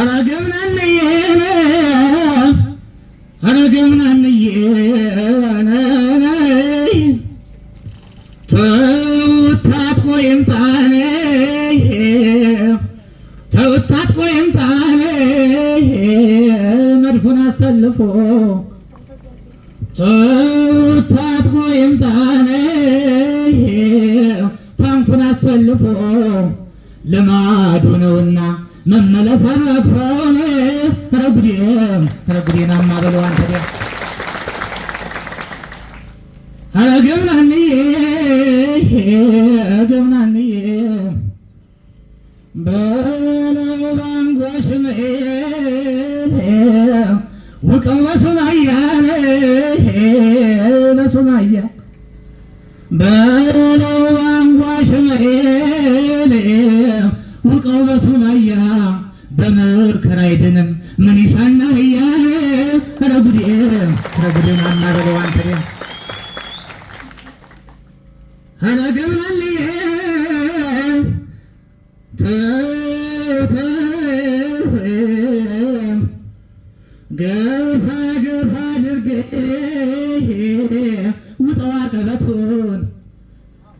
አረገብናነየ መድፉን አሰልፎ ተውታጥቆ ይምጣነ ተሰልፎ ልማዱ ነውና መመለስ አለብን። ተረጉዴም ተረጉዴናማ በለው አንተ ዲያ ኧረ ገብናንዬ ገብናንዬ በለው ባንጓ ውቀው በሱማያ በሱማያ እልም ውቀው በሱባያ በመወድከር አይድንም ምን ይሻና ህያ ረጉድም ረጉድም አናበለዋን ትሬ አናገብላል ገፋ ገፋ ድርጌ ውጠዋ ቀበቶ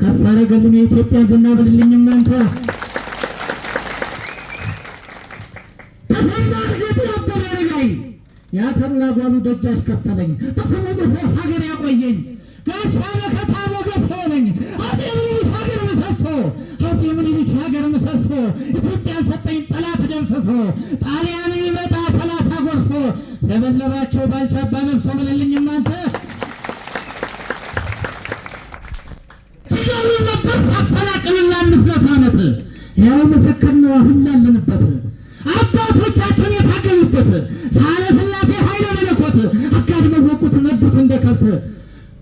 ከፍ አደረገልን የኢትዮጵያ ዝና ብልልኝ እናንተ ያተላ ጓሉ ደጃሽ ከፈለኝ በስሙ ጽፎ ሀገር ያቆየኝ ጋሽ ባለከታ ገፎነኝ አጼ አፄ ምኒልክ ሀገር ምሰሶ አጼ ምኒልክ ሀገር ምሰሶ ኢትዮጵያን ሰጠኝ ጠላት ደምስሶ ጣሊያንን ይመጣ ሰላሳ ጎርሶ ለመለባቸው ባልቻባ ነብሶ ምልልኝ ይህ ምስክር ነው። አሁን ያለንበት አባቶቻችን የታገሉበት ሳህለ ሥላሴ ኃይለ መለኮት አጋድመው ወቁት ነዱት እንደ ከብት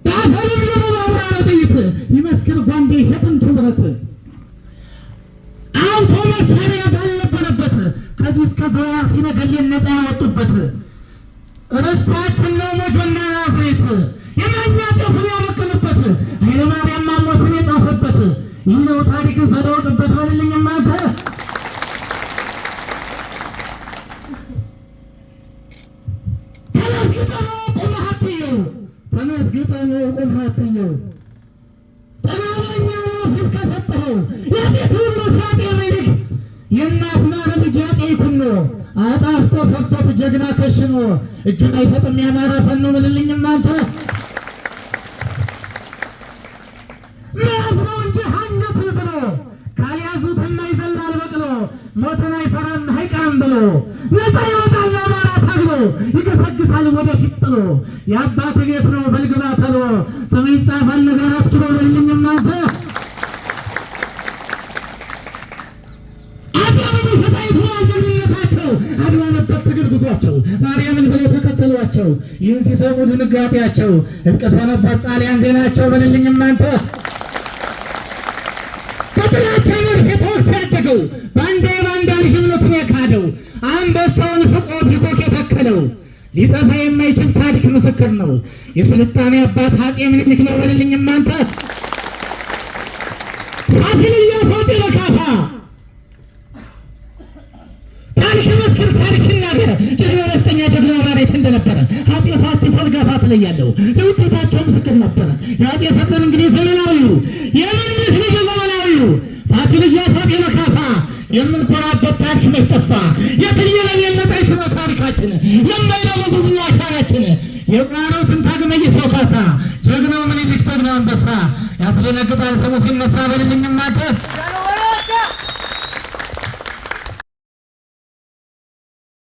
በአፈሩም ደግሞ ባውራረ ጥይት ይመስክር ጓንዴ የጥንቱ ብረት አውቶ መሳሪያ ባልነበረበት ከዚህ እስከ ዘዋ ሲነገሌን ነፃ ያወጡበት ርስቷችን ነው ሞጆና ናዝሬት የማኛ ጠፉ ያበቅልበት ኃይለማርያም ማሞስን የጻፈበት ይህ ነው ታሪክ በለውጥበት ተመስግጠን ወርቁን ሀትየው ጠባበኛ ነው ከሰጠኸው የሴት ሁሉ ሳጤ ምልክ ሰብቶት ጀግና ከሽኖ እጁን አይሰጥም ያማራ ፈኖ ምልልኝም መያዝ ነው እንጂ ብሎ ካልያዙት ይዘላል በቅሎ ሞትን አይፈራም አይቀርም ብሎ አምሳል ወደፊት ጥሎ የአባት ቤት ነው በልግባ ተሎ ስም ይጻፋል ነገር አትሮ በልኝ እናንተ ማርያምን ብለው ተከተሏቸው። ይህን ሲሰሙ ድንጋጤያቸው እልቅሶ ነበር ጣሊያን ዜናቸው በልልኝ እናንተ በጥላቻ መርፌ ተወቅቶ ያደገው በአንዴ በአንድ ልጅ እምነቱን የካደው አንበሳውን ፍቆ ቢቆቅ የተከለው ሊጠፋ የማይችል ታሪክ ምስክር ነው። የስልጣኔ አባት አፄ ምኒልክ ነው በልልኝ እናንተ ፋሲለያ ፎጤ ለካፋ ታሪክ መስክር ታሪክ እናገር ጀግና ነፍጠኛ ጀግና ባሬት እንደነበረ አፄ ፋስቲ ፈልጋፋ ትለያለው የውዴታቸው ምስክር ነበረ። የአፄ ሰጠን እንግዲህ ዘመናዊ የምኒልክ ልጅ ዘመናዊው ፋሲለያ የምንኮራበት ታሪክ መስጠፋ የትየለሌለ የለጠይት ነው ታሪካችን የማይለው መዘዝና አሻራችን የቁራኖትን ታግመይ ሰው ካሳ ጀግናው ምኒልክ ጀግናው አንበሳ ያስደነግጣል ሰሙ ሲነሳ በልልኝ